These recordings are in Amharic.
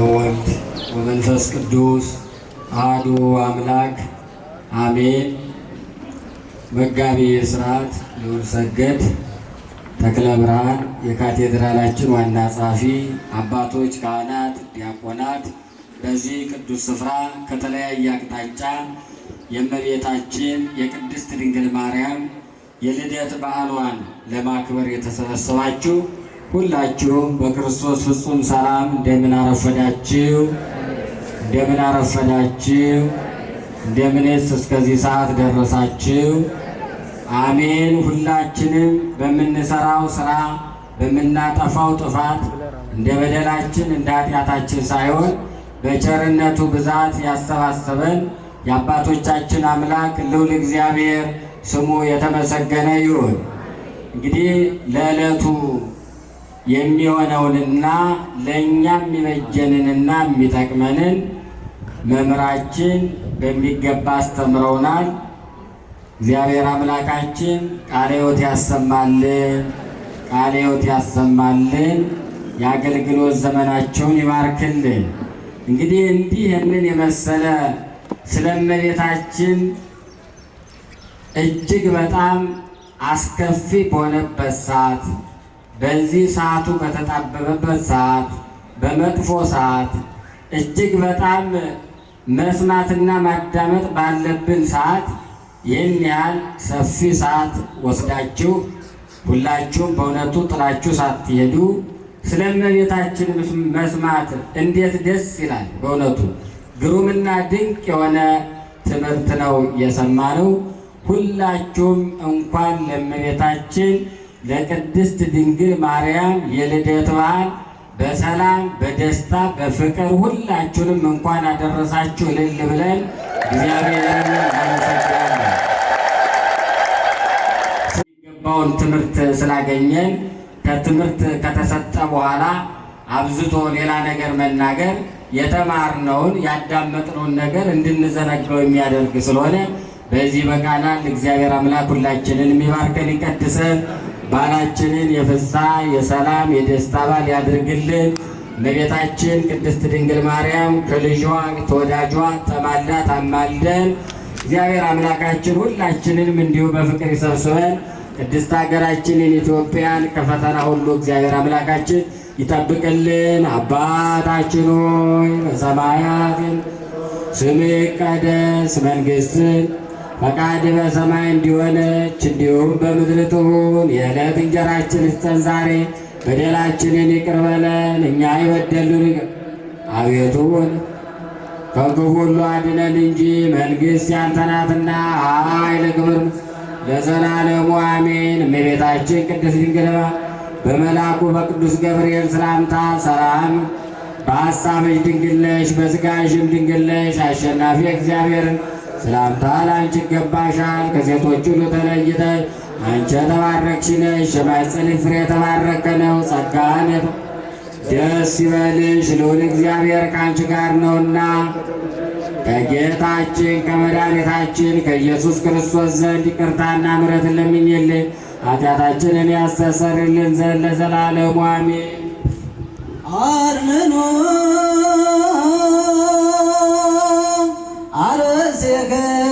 ወወልድ ወመንፈስ ቅዱስ አሐዱ አምላክ አሜን። መጋቢ ስርዓት ልዑል ሰገድ ተክለ ብርሃን የካቴድራላችን ዋና ጸሐፊ፣ አባቶች፣ ካህናት፣ ዲያቆናት በዚህ ቅዱስ ስፍራ ከተለያየ አቅጣጫ የእመቤታችን የቅድስት ድንግል ማርያም የልደት በዓሏን ለማክበር የተሰበሰባችሁ ሁላችሁም በክርስቶስ ፍጹም ሰላም እንደምን አረፈዳችሁ? እንደምን አረፈዳችሁ? እንደምንስ እስከዚህ ሰዓት ደረሳችሁ? አሜን። ሁላችንም በምንሰራው ስራ በምናጠፋው ጥፋት እንደ በደላችን እንደ ኃጢአታችን ሳይሆን በቸርነቱ ብዛት ያሰባሰበን የአባቶቻችን አምላክ ልውል እግዚአብሔር ስሙ የተመሰገነ ይሁን። እንግዲህ ለዕለቱ የሚሆነውንና ለእኛ የሚበጀንንና የሚጠቅመንን መምህራችን በሚገባ አስተምረውናል። እግዚአብሔር አምላካችን ቃለ ሕይወት ያሰማልን፣ ቃለ ሕይወት ያሰማልን፣ የአገልግሎት ዘመናቸውን ይባርክልን። እንግዲህ እንዲህ ይህንን የመሰለ ስለ እመቤታችን እጅግ በጣም አስከፊ በሆነበት ሰዓት በዚህ ሰዓቱ በተጣበበበት ሰዓት በመጥፎ ሰዓት እጅግ በጣም መስማትና ማዳመጥ ባለብን ሰዓት ይህን ያህል ሰፊ ሰዓት ወስዳችሁ ሁላችሁም በእውነቱ ጥላችሁ ሳትሄዱ ስለ እመቤታችን መስማት እንዴት ደስ ይላል! በእውነቱ ግሩምና ድንቅ የሆነ ትምህርት ነው የሰማነው። ሁላችሁም እንኳን ለእመቤታችን ለቅድስት ድንግል ማርያም የልደት በዓል በሰላም በደስታ በፍቅር ሁላችሁንም እንኳን አደረሳችሁ እልል ብለን እግዚአብሔርን እናመሰግናለን። የሚገባውን ትምህርት ስላገኘን ከትምህርት ከተሰጠ በኋላ አብዝቶ ሌላ ነገር መናገር የተማርነውን ያዳመጥነውን ነገር እንድንዘነጋው የሚያደርግ ስለሆነ በዚህ በቃናል እግዚአብሔር አምላክ ሁላችንን የሚባርከን ይቀድሰን። በዓላችንን የፍስሐ የሰላም የደስታ በዓል ያድርግልን። እመቤታችን ቅድስት ድንግል ማርያም ከልጇ ተወዳጇ ተማላ ታማልደን። እግዚአብሔር አምላካችን ሁላችንንም እንዲሁ በፍቅር ይሰብስበን። ቅድስት ሀገራችንን ኢትዮጵያን ከፈተና ሁሉ እግዚአብሔር አምላካችን ይጠብቅልን። አባታችን ሆይ በሰማያት ስምህ ይቀደስ መንግሥትን ፈቃድ በሰማይ እንዲሆነች እንዲሁም በምድር ትሁን። የዕለት እንጀራችን ስጠን ዛሬ፣ በደላችንን ይቅር በለን እኛ የበደሉን አቤቱ፣ ከክፉ ሁሉ አድነን እንጂ መንግሥት ያንተ ናትና ኃይል፣ ክብር ለዘላለሙ አሜን። እመቤታችን ቅድስት ድንግል በመልአኩ በቅዱስ ገብርኤል ሰላምታ ሰላም በሐሳብሽ ድንግል ነሽ፣ በሥጋሽም ድንግል ነሽ። አሸናፊ እግዚአብሔርን ሰላምታ ለአንቺ ይገባሻል። ከሴቶች ሁሉ ተለይተሽ አንቺ የተባረክሽ ነሽ፣ የማኅፀንሽ ፍሬ የተባረከ ነው። ጸጋን ደስ ይበልሽ፣ ልዑል እግዚአብሔር ከአንቺ ጋር ነውና ከጌታችን ከመድኃኒታችን ከኢየሱስ ክርስቶስ ዘንድ ይቅርታና ምሕረትን ለምኝልን ኃጢአታችንን ያስተሰርይልን ዘንድ ለዘላለሙ አሜን። አርምኖ again.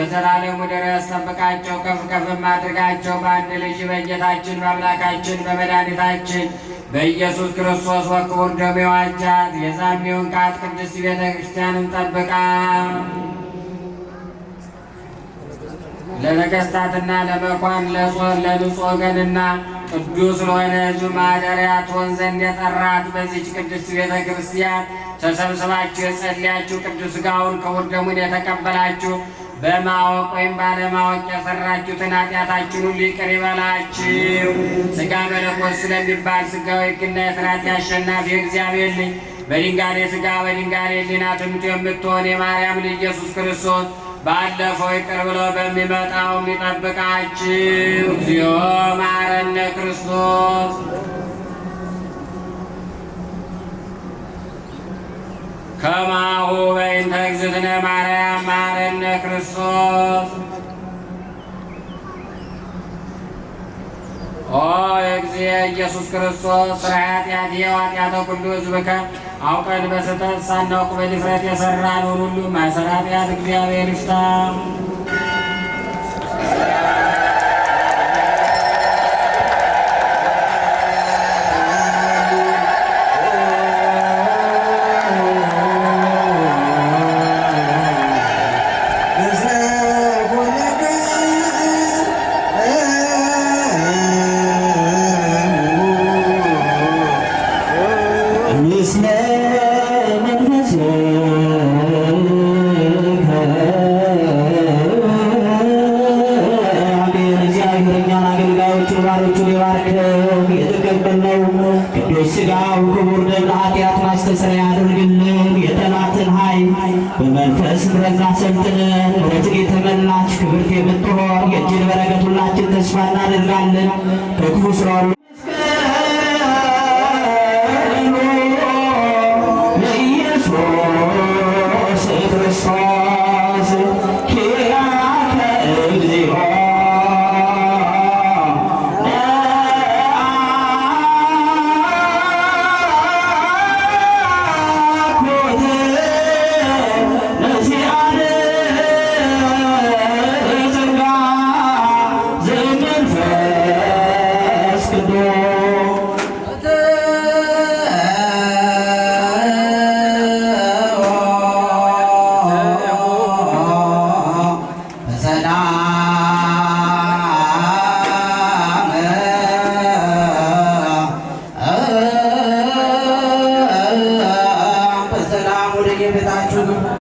ለዘላለሙ ድረስ ያስጠብቃቸው ከፍ ከፍ አድርጋቸው በአንድ ልጅ በጌታችን በአምላካችን በመድኃኒታችን በኢየሱስ ክርስቶስ ወክቡር ደሙ የዋጃት የዛሜውን ቃት ቅድስት ቤተ ክርስቲያንን ጠብቃ ለነገስታትና ለመኳን ለጾር ለንጹ ወገንና ቅዱስ ለሆነ ሕዝብ ማደሪያ ትሆን ዘንድ የጠራት በዚች ቅድስት ቤተ ክርስቲያን ተሰብስባችሁ የጸልያችሁ ቅዱስ ሥጋውን ክቡር ደሙን የተቀበላችሁ በማወቅ ወይም ባለማወቅ የሰራችሁትን ኃጢአታችሁን ሁሉ ይቅር ይበላችሁ። ሥጋ መለኮት ስለሚባል ሥጋዊ ሕግና የሥርዓት አሸናፊ እግዚአብሔር ልጅ በድንጋሌ ሥጋ በድንጋሌ ሕሊና ትምት የምትሆን የማርያም ልጅ ኢየሱስ ክርስቶስ ባለፈው ይቅር ብሎ በሚመጣው ይጠብቃችሁ። እግዚኦ መሐረነ ክርስቶስ ከማሁ በእንተ እግዝእትነ ማርያም ማረነ ክርስቶስ ኦ የእግዚእ ኢየሱስ ክርስቶስ ስራ ኃጢአት ኃጢአተ ኩሉ ሕዝብከ አውቀን በስተት ሳናውቅ በድፍረት የሰራነውን ሁሉ ማሰራት ኃጢአት እግዚአብሔር ይፍታ። በድል የተመላች ክብርት የምትሆን የእጅን በረከት ሁላችን ተስፋ እናደርጋለን። በክፉ ስራ